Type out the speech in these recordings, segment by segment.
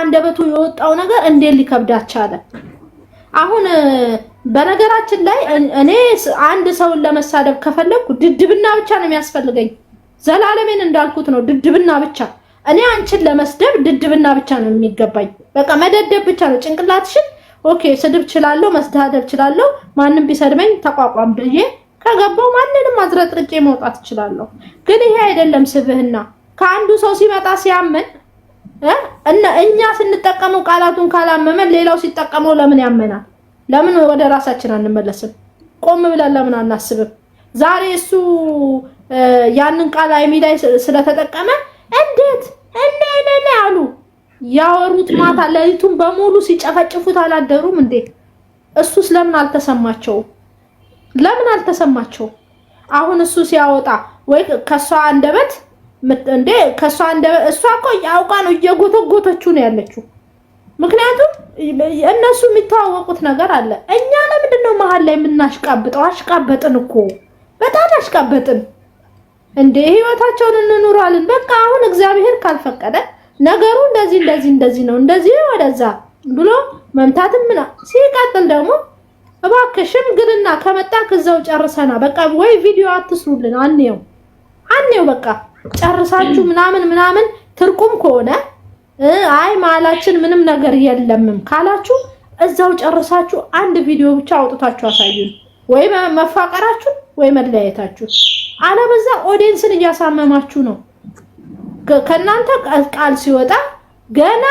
ከአንደበቱ የወጣው ነገር እንዴት ሊከብዳት ቻለ? አሁን በነገራችን ላይ እኔ አንድ ሰውን ለመሳደብ ከፈለግኩ ድድብና ብቻ ነው የሚያስፈልገኝ። ዘላለሜን እንዳልኩት ነው ድድብና ብቻ። እኔ አንቺን ለመስደብ ድድብና ብቻ ነው የሚገባኝ። በቃ መደደብ ብቻ ነው ጭንቅላትሽን። ኦኬ ስድብ ችላለሁ፣ መስዳደብ ችላለሁ፣ ማንም ቢሰድበኝ ተቋቋም ብዬ ከገባው ማንንም አዝረጥርጬ መውጣት እችላለሁ። ግን ይሄ አይደለም ስብህና። ከአንዱ ሰው ሲመጣ ሲያምን እና እኛ ስንጠቀመው ቃላቱን ካላመመን ሌላው ሲጠቀመው ለምን ያመናል? ለምን ወደ ራሳችን አንመለስም? ቆም ብለን ለምን አናስብም? ዛሬ እሱ ያንን ቃል አይሚ ላይ ስለተጠቀመ እንዴት እኔ አሉ ያወሩት ማታ ለሊቱን በሙሉ ሲጨፈጭፉት አላደሩም እንዴ? እሱስ ለምን አልተሰማቸው? ለምን አልተሰማቸው? አሁን እሱ ሲያወጣ ወይ ከሷ አንደበት እንዴ ከእሷ እንደ እሷ እኮ አውቃ ነው እየጎተጎተችው ነው ያለችው። ምክንያቱም እነሱ የሚተዋወቁት ነገር አለ። እኛ ለምንድን ነው መሀል ላይ የምናሽቃብጠው? አሽቃበጥን እኮ በጣም አሽቃበጥን። እንዴ ህይወታቸውን እንኑራለን። በቃ አሁን እግዚአብሔር ካልፈቀደ ነገሩ እንደዚህ እንደዚህ እንደዚህ ነው እንደዚህ ወደዛ ብሎ መምታትም ምና ሲቀጥል ደግሞ እባክህ ሽምግልና ከመጣ ከዛው ጨርሰና በቃ ወይ ቪዲዮ አትስሩልን፣ አንየው አንየው በቃ ጨርሳችሁ ምናምን ምናምን ትርቁም ከሆነ አይ መሀላችን ምንም ነገር የለምም ካላችሁ እዛው ጨርሳችሁ አንድ ቪዲዮ ብቻ አውጥታችሁ አሳዩን፣ ወይ መፋቀራችሁ ወይ መለያየታችሁ። አለበዛ ኦዲየንስን እያሳመማችሁ ነው። ከእናንተ ቃል ሲወጣ ገና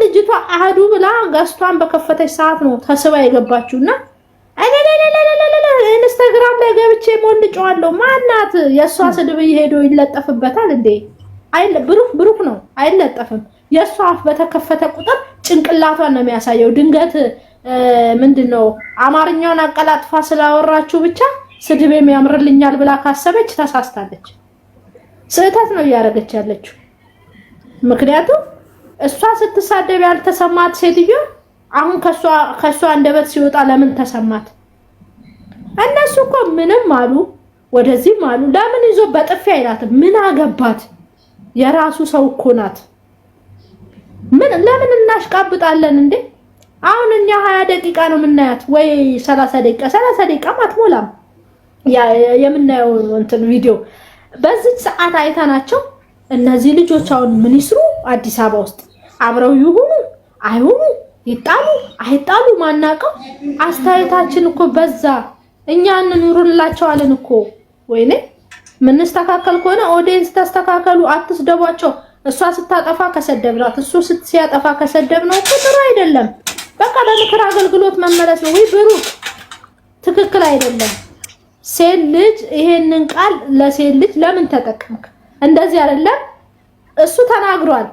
ልጅቷ አህዱ ብላ ገዝቷን በከፈተች ሰዓት ነው ተስባ የገባችሁና ኢንስታግራም ላይ ገብቼ ሞልጨዋለሁ። ማናት የእሷ ስድብ ሄዶ ይለጠፍበታል እንዴ? ብሩክ ብሩክ ነው አይለጠፍም። የእሷ አፍ በተከፈተ ቁጥር ጭንቅላቷን ነው የሚያሳየው። ድንገት ምንድን ነው አማርኛውን አቀላጥፋ ስላወራችሁ ብቻ ስድቤም ያምርልኛል ብላ ካሰበች ተሳስታለች። ስህተት ነው እያደረገች ያለችው። ምክንያቱም እሷ ስትሳደብ ያልተሰማት ሴትዮ አሁን ከእሷ አንደበት ሲወጣ ለምን ተሰማት? እነሱ እኮ ምንም አሉ ወደዚህም አሉ። ለምን ይዞ በጥፊ አይላትም? ምን አገባት? የራሱ ሰው እኮ ናት። ምን ለምን እናሽቃብጣለን እንዴ? አሁን እኛ ሀያ ደቂቃ ነው የምናያት ወይ ሰላሳ ደቂቃ ሰላሳ ደቂቃም አትሞላም የምናየው እንትን ቪዲዮ በዚህ ሰዓት አይተናቸው እነዚህ ልጆች አሁን ምን ይስሩ አዲስ አበባ ውስጥ አብረው ይሁኑ አይሁኑ ይጣሉ አይጣሉ ማናቀው። አስተያየታችን እኮ በዛ። እኛ እንኑርላቸዋለን እኮ ወይኔ ምንስተካከል ከሆነ ኦዲየንስ ተስተካከሉ፣ አትስደቧቸው። እሷ ስታጠፋ ከሰደብናት፣ እሱ ሲያጠፋ ከሰደብነው እኮ ጥሩ አይደለም። በቃ ለምክር አገልግሎት መመለስ ነው። ወይ ብሩ ትክክል አይደለም። ሴት ልጅ ይሄንን ቃል ለሴት ልጅ ለምን ተጠቀምክ? እንደዚህ አይደለም። እሱ ተናግሯል።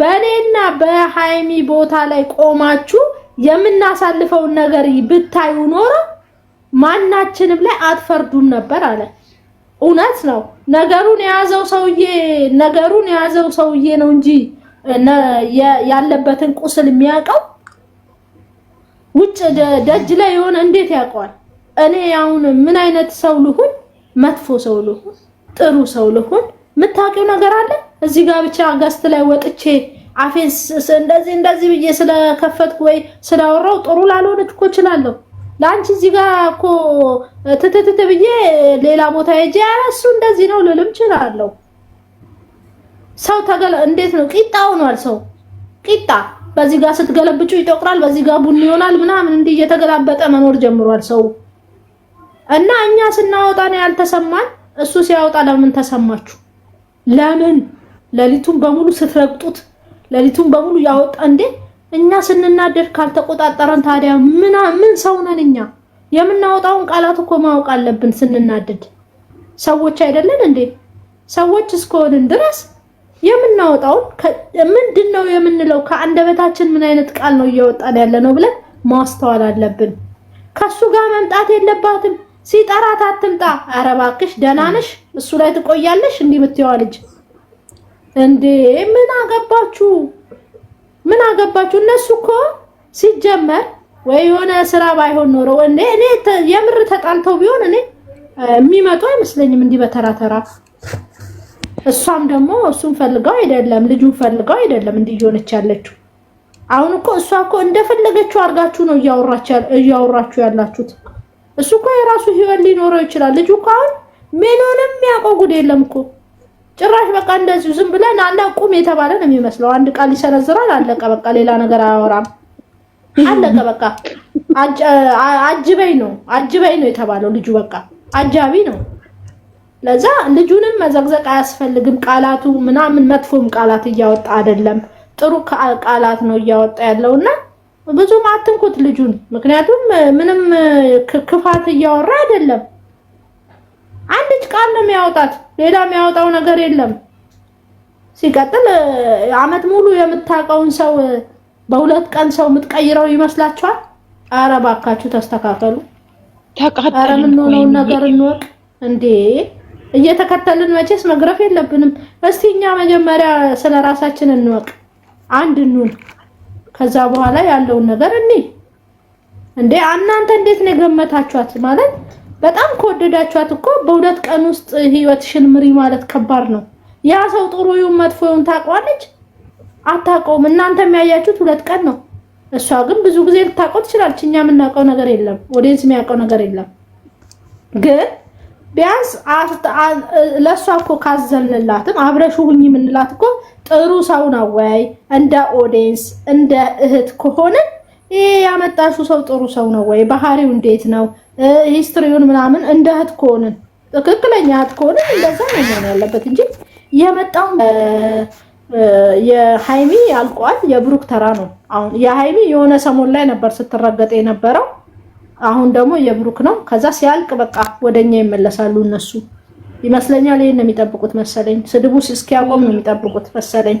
በእኔና በሀይሚ ቦታ ላይ ቆማችሁ የምናሳልፈውን ነገር ብታዩ ኖሮ ማናችንም ላይ አትፈርዱም ነበር አለ። እውነት ነው። ነገሩን የያዘው ሰውዬ ነገሩን የያዘው ሰውዬ ነው እንጂ ያለበትን ቁስል የሚያውቀው ውጭ ደጅ ላይ የሆነ እንዴት ያውቀዋል? እኔ አሁን ምን አይነት ሰው ልሁን? መጥፎ ሰው ልሁን? ጥሩ ሰው ልሁን? የምታውቂው ነገር አለ እዚህ ጋር ብቻ ገስት ላይ ወጥቼ አፌን እንደዚህ እንደዚህ ብዬ ስለከፈትኩ ወይ ስላወራው ጥሩ ላልሆን እኮ እችላለሁ። ለአንቺ እዚህ ጋር እኮ ትትትት ብዬ ሌላ ቦታ ሄጄ ኧረ እንደዚህ ነው ልልም እችላለሁ። ሰው ተገለ እንዴት ነው ቂጣ ሆኗል። ሰው ቂጣ በዚህ ጋር ስትገለብጩ ይጠቁራል፣ በዚህ ጋር ቡኒ ይሆናል ምናምን እንዲህ እየተገላበጠ መኖር ጀምሯል ሰው እና እኛ ስናወጣ ነው ያልተሰማን። እሱ ሲያወጣ ለምን ተሰማችሁ? ለምን ሌሊቱን በሙሉ ስትረግጡት፣ ሌሊቱን በሙሉ ያወጣ እንዴ! እኛ ስንናደድ ካልተቆጣጠረን ታዲያ ምን ምን ሰው ነን እኛ? የምናወጣውን ቃላት እኮ ማወቅ አለብን። ስንናደድ ሰዎች አይደለን እንዴ? ሰዎች እስከሆንን ድረስ የምናወጣውን ምንድን ነው የምንለው? ከአንደበታችን ምን አይነት ቃል ነው እያወጣን ያለ ነው ብለን ማስተዋል አለብን። ከሱ ጋር መምጣት የለባትም። ሲጠራት አትምጣ። ኧረ እባክሽ ደህና ነሽ? እሱ ላይ ትቆያለሽ? እንዲህ ብትይዋ ልጅ እንዴ ምን አገባችሁ? ምን አገባችሁ? እነሱ እኮ ሲጀመር ወይ የሆነ ስራ ባይሆን ኖሮ እኔ እኔ የምር ተጣልተው ቢሆን እኔ የሚመጡ አይመስለኝም እንዲህ በተራ ተራ። እሷም ደግሞ እሱን ፈልገው አይደለም ልጁን ፈልገው አይደለም እንዲህ እየሆነች ያለችው። አሁን እኮ እሷ እኮ እንደፈለገችው አድርጋችሁ ነው እያወራችሁ ያላችሁት። እሱ እኮ የራሱ ህይወት ሊኖረው ይችላል። ልጁ እኮ አሁን ምኑንም የሚያውቀው ጉድ የለም እኮ ጭራሽ በቃ እንደዚሁ ዝም ብለን አለ ቁም የተባለ ነው የሚመስለው። አንድ ቃል ይሰነዝራል። አለቀ በቃ ሌላ ነገር አያወራም። አለቀ በቃ አጅበኝ ነው አጅበኝ ነው የተባለው። ልጁ በቃ አጃቢ ነው። ለዛ ልጁንም መዘግዘቅ አያስፈልግም። ቃላቱ ምናምን መጥፎም ቃላት እያወጣ አይደለም፣ ጥሩ ቃላት ነው እያወጣ ያለው እና ብዙም አትንኩት ልጁን። ምክንያቱም ምንም ክፋት እያወራ አይደለም። አንድ ቃል ነው የሚያወጣት፣ ሌላ የሚያወጣው ነገር የለም። ሲቀጥል አመት ሙሉ የምታውቀውን ሰው በሁለት ቀን ሰው የምትቀይረው ይመስላችኋል? አረ ባካችሁ ተስተካከሉ። አረ የምንሆነውን ነገር እንወቅ እንዴ! እየተከተልን መቼስ መግረፍ የለብንም። እስቲ እኛ መጀመሪያ ስለ ራሳችን እንወቅ፣ አንድ እንሁን። ከዛ በኋላ ያለውን ነገር እኔ እንዴ እናንተ እንዴት ነው የገመታችኋት ማለት በጣም ከወደዳችኋት እኮ በሁለት ቀን ውስጥ ህይወትሽን ምሪ ማለት ከባድ ነው። ያ ሰው መጥፎ መጥፎውን ታውቀዋለች አታውቀውም። እናንተ የሚያያችሁት ሁለት ቀን ነው። እሷ ግን ብዙ ጊዜ ልታውቀው ትችላለች። እኛ የምናውቀው ነገር የለም፣ ወደዚህ የሚያውቀው ነገር የለም። ግን ቢያንስ ለእሷ እኮ ካዘንላትም አብረሽ ሁኝ የምንላት እኮ ጥሩ ሰው ነው ወይ እንደ ኦዲየንስ እንደ እህት ከሆነ ይሄ ያመጣሹ ሰው ጥሩ ሰው ነው ወይ? ባህሪው እንዴት ነው? ሂስትሪውን ምናምን እንደ እህት ከሆንን ትክክለኛ እህት ከሆንን እንደዛ ነው መሆን ያለበት እንጂ የመጣው የሃይሚ ያልቋል። የብሩክ ተራ ነው አሁን። የሃይሚ የሆነ ሰሞን ላይ ነበር ስትረገጥ የነበረው። አሁን ደግሞ የብሩክ ነው። ከዛ ሲያልቅ በቃ ወደኛ ይመለሳሉ እነሱ ይመስለኛል። ይህን ነው የሚጠብቁት መሰለኝ። ስድቡ እስኪያቆም ነው የሚጠብቁት መሰለኝ።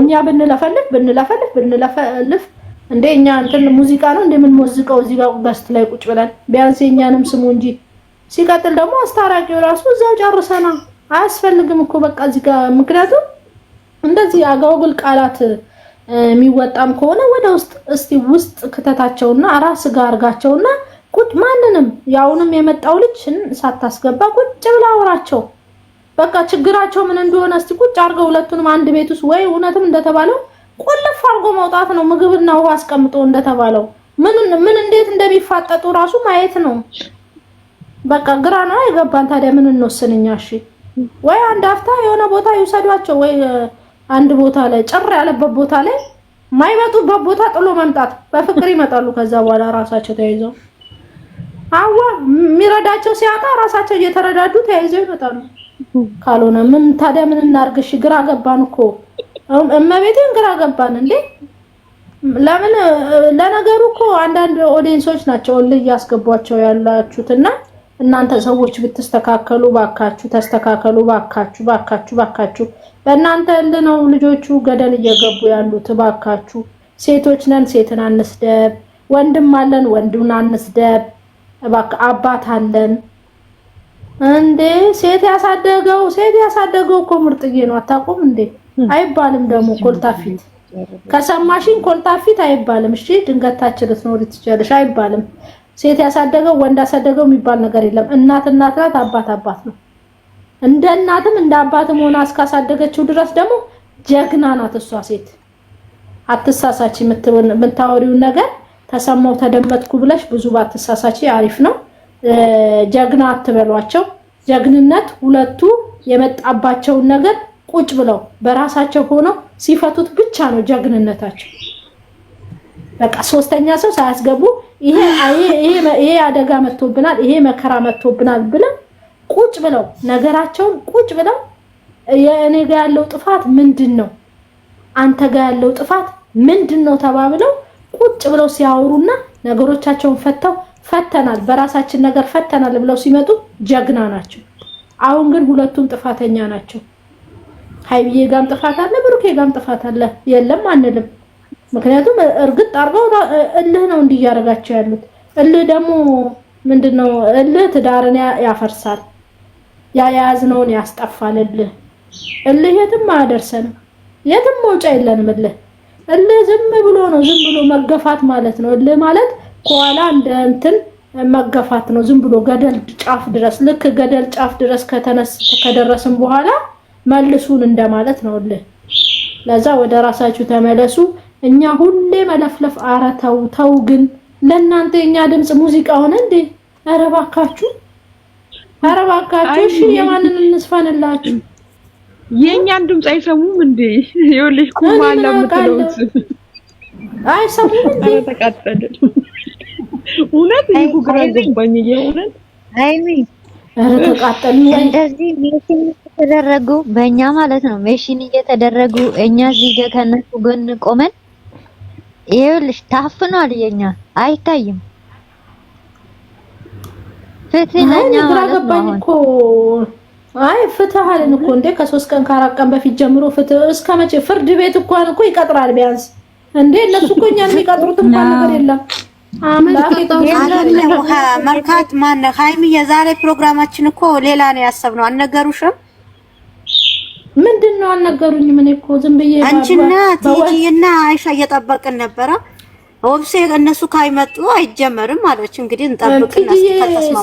እኛ ብንለፈልፍ ብንለፈልፍ ብንለፈልፍ እንደ እኛ እንትን ሙዚቃ ነው እንደምንሞዝቀው እዚህ ጋር በስት ላይ ቁጭ ብለን ቢያንስ የእኛንም ስሙ እንጂ። ሲቀጥል ደግሞ አስታራቂው ራሱ እዛው ጨርሰና አያስፈልግም እኮ በቃ እዚህ ጋር። ምክንያቱም እንደዚህ አጓጉል ቃላት የሚወጣም ከሆነ ወደ ውስጥ እስቲ ውስጥ ክተታቸውና ራስ ጋር አርጋቸውና ቁጭ ማንንም ያውንም የመጣው ልጅ ሳታስገባ ቁጭ ብላ አውራቸው። በቃ ችግራቸው ምን እንደሆነ እስቲ ቁጭ አርገው ሁለቱንም አንድ ቤት ውስጥ ወይ እውነትም እንደተባለው ቆለፍ አድርጎ መውጣት ነው። ምግብና ውሃ አስቀምጦ እንደተባለው ምን ምን እንዴት እንደሚፋጠጡ ራሱ ማየት ነው። በቃ ግራ ነው አይገባን። ታዲያ ምን እንወስንኛ? እሺ ወይ አንድ አፍታ የሆነ ቦታ ይውሰዷቸው፣ ወይ አንድ ቦታ ላይ ጭር ያለበት ቦታ ላይ ማይመጡበት ቦታ ጥሎ መምጣት። በፍቅር ይመጣሉ ከዛ በኋላ ራሳቸው ተያይዘው አዋ የሚረዳቸው ሲያጣ ራሳቸው እየተረዳዱ ተያይዘው ይመጣሉ። ካልሆነ ምን ታዲያ ምን እናርግሽ? ግራ ገባን እኮ እመቤቴን፣ ግራ ገባን እንዴ። ለምን ለነገሩ እኮ አንዳንድ ኦዲየንሶች ናቸው እል እያስገቧቸው ያላችሁትና እናንተ ሰዎች ብትስተካከሉ ባካችሁ፣ ተስተካከሉ ባካችሁ፣ ባካችሁ፣ ባካችሁ። በእናንተ እል ነው ልጆቹ ገደል እየገቡ ያሉት። ባካችሁ፣ ሴቶች ነን፣ ሴትን አንስደብ። ወንድም አለን፣ ወንድምን አንስደብ አባት አለን እንዴ? ሴት ያሳደገው ሴት ያሳደገው እኮ ምርጥዬ ነው። አታውቁም እንዴ? አይባልም ደግሞ ኮልታፊት ከሰማሽኝ ኮልታፊት አይባልም። እሺ ድንገታችን ልትኖሪ ትችያለሽ። አይባልም ሴት ያሳደገው ወንድ ያሳደገው የሚባል ነገር የለም። እናት እናት ናት፣ አባት አባት ነው። እንደ እናትም እንደ አባትም ሆና እስካሳደገችው ድረስ ደግሞ ጀግና ናት እሷ ሴት። አትሳሳች የምታወሪውን ነገር ተሰማው ተደመጥኩ ብለሽ ብዙ ባትሳሳች አሪፍ ነው። ጀግና አትበሏቸው። ጀግንነት ሁለቱ የመጣባቸውን ነገር ቁጭ ብለው በራሳቸው ሆነው ሲፈቱት ብቻ ነው ጀግንነታቸው። በቃ ሶስተኛ ሰው ሳያስገቡ ይሄ ይሄ አደጋ መጥቶብናል፣ ይሄ መከራ መጥቶብናል ብለው ቁጭ ብለው ነገራቸውን ቁጭ ብለው የእኔ ጋ ያለው ጥፋት ምንድን ነው? አንተ ጋ ያለው ጥፋት ምንድን ነው ተባብለው ቁጭ ብለው ሲያወሩና ነገሮቻቸውን ፈተው ፈተናል፣ በራሳችን ነገር ፈተናል ብለው ሲመጡ ጀግና ናቸው። አሁን ግን ሁለቱም ጥፋተኛ ናቸው። ሀይብዬ ጋም ጥፋት አለ፣ ብሩኬ ጋም ጥፋት አለ። የለም አንልም። ምክንያቱም እርግጥ አርገው እልህ ነው እንዲህ እያደረጋቸው ያሉት። እልህ ደግሞ ምንድን ነው? እልህ ትዳርን ያፈርሳል፣ የያዝነውን ያስጠፋል። እልህ እልህ የትም አያደርሰንም፣ የትም መውጫ የለንም እልህ እልህ ዝም ብሎ ነው። ዝም ብሎ መገፋት ማለት ነው። እልህ ማለት ከኋላ እንደ እንትን መገፋት ነው። ዝም ብሎ ገደል ጫፍ ድረስ ልክ ገደል ጫፍ ድረስ ከተነስ በኋላ መልሱን እንደማለት ነው እልህ። ለዛ ወደ ራሳችሁ ተመለሱ። እኛ ሁሌ መለፍለፍ፣ አረ ተው ተው። ግን ለእናንተ የኛ ድምፅ ሙዚቃ ሆነ እንዴ? አረ እባካችሁ፣ አረ እባካችሁ። እሺ የማንን እንስፋንላችሁ? የእኛን ድምፅ አይሰሙም እንዴ? ይኸውልሽ ቁማ አላ የምትለው አይሰሙም እንዴ? ተቃጠለ። እውነት ይሄ ጉግራ ገባኝ። የእውነት አይሚ እንደዚህ ሜሽን እየተደረጉ በእኛ ማለት ነው ሜሽን እየተደረጉ እኛ እዚህ ጋር ከነሱ ጎን ቆመን ይኸውልሽ ታፍኗል። የኛ አይታይም። ፍትህ ለእኛ ማለት ነው። አይ ፍትሃልን እኮ እንዴ ከሶስት ቀን ከአራት ቀን በፊት ጀምሮ ፍትህ እስከ መቼ? ፍርድ ቤት እንኳን እኮ ይቀጥራል ቢያንስ እንዴ እነሱ እኮ እኛን የሚቀጥሩት እንኳን ነገር የለም። መልካት ማነህ ሀይሚ፣ የዛሬ ፕሮግራማችን እኮ ሌላ ነው ያሰብነው። አልነገሩሽም? ምንድን ነው አልነገሩኝም። እኔ እኮ ዝም ብዬ አንቺና ቲጂና አይሻ እየጠበቅን ነበረ። ኦብሴ እነሱ ካይመጡ አይጀመርም አለች። እንግዲህ እንጠብቅ።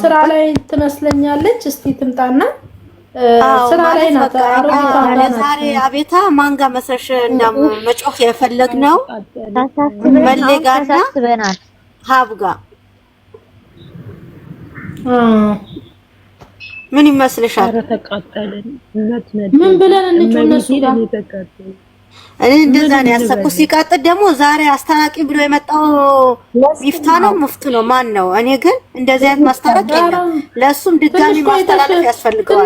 ስራ ላይ ትመስለኛለች። እስቲ ትምጣና ስራ ላይ ናት። ዛሬ አቤታ ማንጋ ጋር መሰለሽ መጮህ መሌጋና ሀብጋ ምን ይመስልሻል? ምን ብለን እንጩ እነሱ ጋር እኔ እንደዛ ነው ያሰብኩት። ሲቀጥል ደግሞ ዛሬ አስታራቂ ብሎ የመጣው ሚፍታ ነው ሙፍት ነው ማን ነው? እኔ ግን እንደዚህ አይነት ማስታረቅ የለም። ለእሱም ድጋሚ ማስተላለፍ ያስፈልገዋል።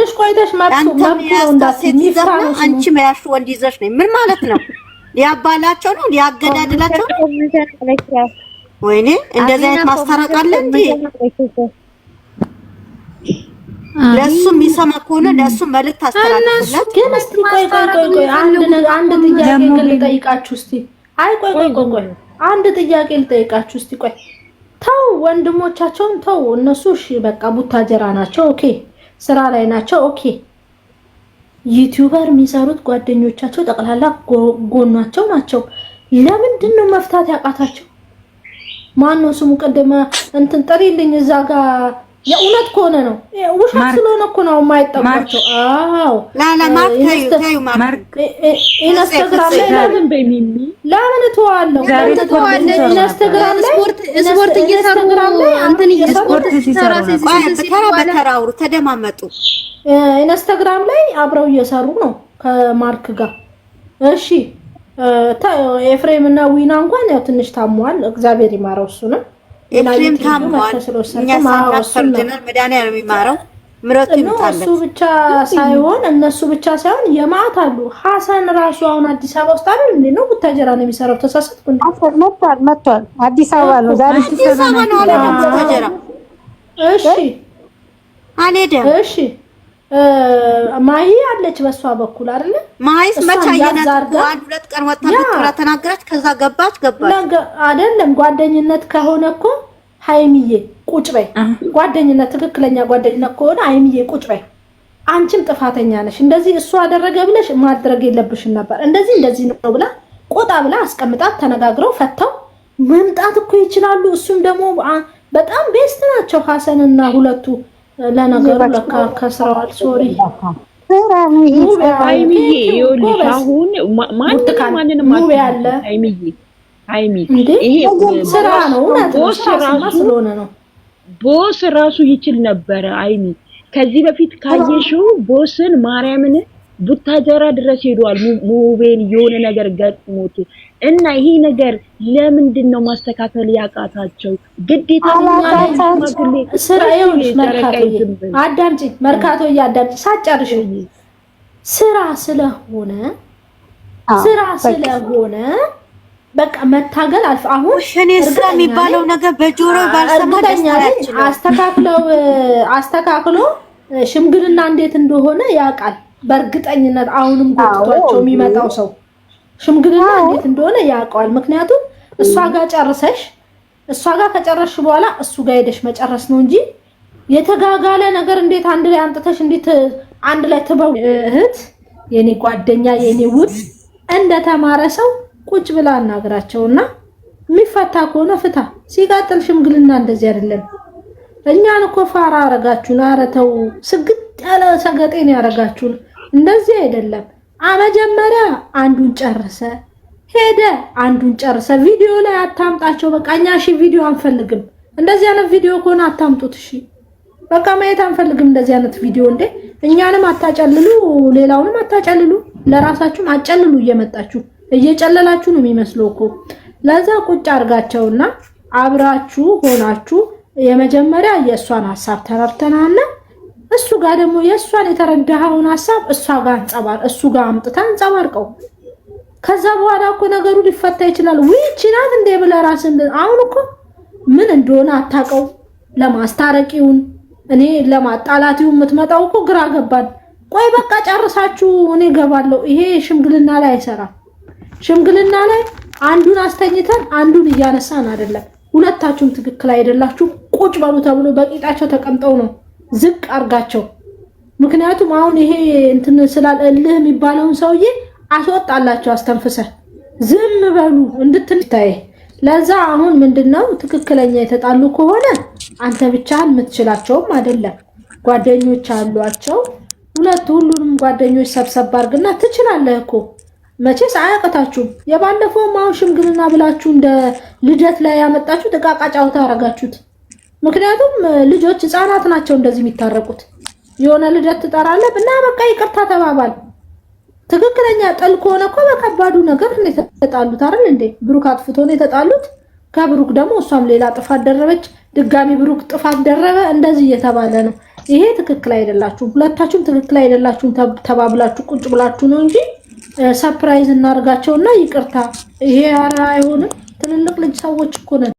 አንተ መያዝ ሴት ይዘሽ ነው፣ አንቺ መያዝ ወንድ ይዘሽ ነው። ምን ማለት ነው? ሊያባላቸው ነው? ሊያገዳድላቸው ነው? ወይኔ እንደዚህ አይነት ማስታረቅ አለ እንዴ? ለሱ የሚሰማ ከሆነ ለእሱ መልዕክት ታስተላልፍለት። አንድ ጥያቄ ግን ልጠይቃችሁ እስቲ። አይ ቆይ ቆይ ቆይ ቆይ አንድ ጥያቄ ልጠይቃችሁ እስቲ። ቆይ ተው ወንድሞቻቸውን ተው። እነሱ እሺ በቃ ቡታጀራ ናቸው፣ ኦኬ ስራ ላይ ናቸው፣ ኦኬ ዩቲዩበር የሚሰሩት ጓደኞቻቸው ጠቅላላ ጎኗቸው ናቸው። ለምንድን ነው መፍታት ያቃታቸው? ማን ነው ስሙ? ቅድም እንትን ጥሪልኝ እዛ ጋር የእውነት ከሆነ ነው። ውሸት ስለሆነ እኮ ነው የማይጠባቸው። አዎ ኢንስተግራም ላይ ለምን በሚሚ ለምን እተዋለሁ? ኢንስተግራም ላይ ስፖርት እየሰሩ እንትን እየስፖርት ሲሰራ ተራ በተራ አውሩ፣ ተደማመጡ። ኢንስተግራም ላይ አብረው እየሰሩ ነው ከማርክ ጋር። እሺ ኤፍሬም እና ዊና እንኳን ያው ትንሽ ታሟል፣ እግዚአብሔር ይማረው እሱንም ኤፍሬም ታሟል። እኛ ሳናስፈርድናል። መድኃኒዓለም የሚማረው ምረቱ እሱ ብቻ ሳይሆን እነሱ ብቻ ሳይሆን የማዕት አሉ። ሀሰን ራሱ አሁን አዲስ አበባ ውስጥ አይደል እንዴ ነው? ቡታጀራ ነው የሚሰራው። ተሳሳትኩ። መጥቷል፣ መጥቷል። አዲስ አበባ ነው ዛሬ። አዲስ አበባ ነው አለ ቡታጀራ። እሺ፣ አልሄደም። እሺ ማሂ አለች በሷ በኩል አይደለ? ማሂስ መቻ የነጥቁ አንድ ሁለት ቀን ወጣ ብትራ ተናገረች። ከዛ ገባች ገባች። አይደለም ጓደኝነት ከሆነ እኮ ሀይሚዬ ቁጭ በይ። ጓደኝነት ትክክለኛ ጓደኝነት ከሆነ ሀይሚዬ ቁጭ በይ፣ አንቺም ጥፋተኛ ነሽ፣ እንደዚህ እሱ አደረገ ብለሽ ማድረግ የለብሽም ነበር፣ እንደዚህ እንደዚህ ነው ብላ ቆጣ ብላ አስቀምጣት፣ ተነጋግረው ፈተው መምጣት እኮ ይችላሉ። እሱም ደግሞ በጣም ቤስት ናቸው ሀሰንና ሁለቱ ለነገሩ ለካ ከስራዋል። ሶሪ አይሚዬ፣ ይኸውልሽ አሁን ማንም ማንንም አይሚዬ፣ አይሚ ይሄ ስራ ነው። ቦስ ራሱ ይችል ነበረ። አይሚ ከዚህ በፊት ካየሽው ቦስን ማርያምን ቡታጀራ ድረስ ሄዷል። ሙቤን የሆነ ነገር ገጥሞት እና ይሄ ነገር ለምንድን ነው ማስተካከል ያቃታቸው? ግዴታ አዳምጪ፣ መርካቶ እያዳምጪ ሳጨርሽ ስራ ስለሆነ ስራ ስለሆነ በቃ መታገል አልፍ አሁን እኔ ስራ የሚባለው ነገር በጆሮ ባልሰማ አስተካክለው አስተካክሎ ሽምግልና እንዴት እንደሆነ ያውቃል። በእርግጠኝነት አሁንም ጎትቷቸው የሚመጣው ሰው ሽምግልና እንዴት እንደሆነ ያውቀዋል። ምክንያቱም እሷ ጋር ጨርሰሽ እሷ ጋር ከጨረስሽ በኋላ እሱ ጋር ሄደሽ መጨረስ ነው እንጂ የተጋጋለ ነገር እንዴት አንድ ላይ አምጥተሽ እንዴት አንድ ላይ ትበው። እህት፣ የኔ ጓደኛ፣ የኔ ውድ እንደተማረ ሰው ቁጭ ብላ አናግራቸውና የሚፈታ ከሆነ ፍታ። ሲቀጥል ሽምግልና እንደዚህ አይደለም። እኛን እኮ ፋራ አረጋችሁን። አረተው ስግጥ ያለ ሰገጤን ያረጋችሁን። እንደዚህ አይደለም። መጀመሪያ አንዱን ጨርሰ ሄደ አንዱን ጨርሰ ቪዲዮ ላይ አታምጣቸው። በቃ እኛ እሺ ቪዲዮ አንፈልግም። እንደዚህ አይነት ቪዲዮ ከሆነ አታምጡት። እሺ በቃ ማየት አንፈልግም እንደዚህ አይነት ቪዲዮ። እንዴ እኛንም አታጨልሉ፣ ሌላውንም አታጨልሉ፣ ለራሳችሁም አጨልሉ። እየመጣችሁ እየጨለላችሁ ነው የሚመስለው እኮ። ለዛ ቁጭ አድርጋቸውና አብራችሁ ሆናችሁ የመጀመሪያ የእሷን ሀሳብ ተረድተናና እሱ ጋር ደግሞ የእሷን የተረዳኸውን ሀሳብ እሷ ጋር አንጸባር እሱ ጋር አምጥታ አንጸባርቀው። ከዛ በኋላ እኮ ነገሩ ሊፈታ ይችላል። ውይች ናት እንዴ ብለህ ራስን አሁን እኮ ምን እንደሆነ አታውቀው። ለማስታረቂውን እኔ ለማጣላቲው የምትመጣው እኮ ግራ ገባን። ቆይ በቃ ጨርሳችሁ እኔ ገባለሁ። ይሄ ሽምግልና ላይ አይሰራም። ሽምግልና ላይ አንዱን አስተኝተን አንዱን እያነሳን አይደለም። ሁለታችሁም ትክክል አይደላችሁ ቁጭ በሉ ተብሎ በቂጣቸው ተቀምጠው ነው ዝቅ አርጋቸው። ምክንያቱም አሁን ይሄ እንትን ስላልልህ የሚባለውን ሰውዬ አስወጣላቸው አስተንፍሰ ዝም በሉ እንድትታይ። ለዛ አሁን ምንድነው ትክክለኛ የተጣሉ ከሆነ አንተ ብቻህን የምትችላቸውም አይደለም፣ ጓደኞች አሏቸው። ሁለት ሁሉንም ጓደኞች ሰብሰብ አድርግና ትችላለህ እኮ መቼስ አያቅታችሁም። የባለፈውም አሁን ሽምግልና ብላችሁ እንደ ልደት ላይ ያመጣችሁ ጥቃቃ ጫውታ አረጋችሁት። ምክንያቱም ልጆች ህፃናት ናቸው እንደዚህ የሚታረቁት። የሆነ ልደት ትጠራለህ እና በቃ ይቅርታ ተባባል። ትክክለኛ ጥል ከሆነ እኮ በከባዱ ነገር ነው የተጣሉት አይደል እንዴ? ብሩክ አጥፍቶ ነው የተጣሉት። ከብሩክ ደግሞ እሷም ሌላ ጥፋት ደረበች፣ ድጋሚ ብሩክ ጥፋት ደረበ። እንደዚህ እየተባለ ነው። ይሄ ትክክል አይደላችሁም፣ ሁለታችሁም ትክክል አይደላችሁም። ተባብላችሁ ቁጭ ብላችሁ ነው እንጂ ሰፕራይዝ እናደርጋቸውና ይቅርታ ይሄ ኧረ አይሆንም። ትልልቅ ልጅ ሰዎች እኮ ነን።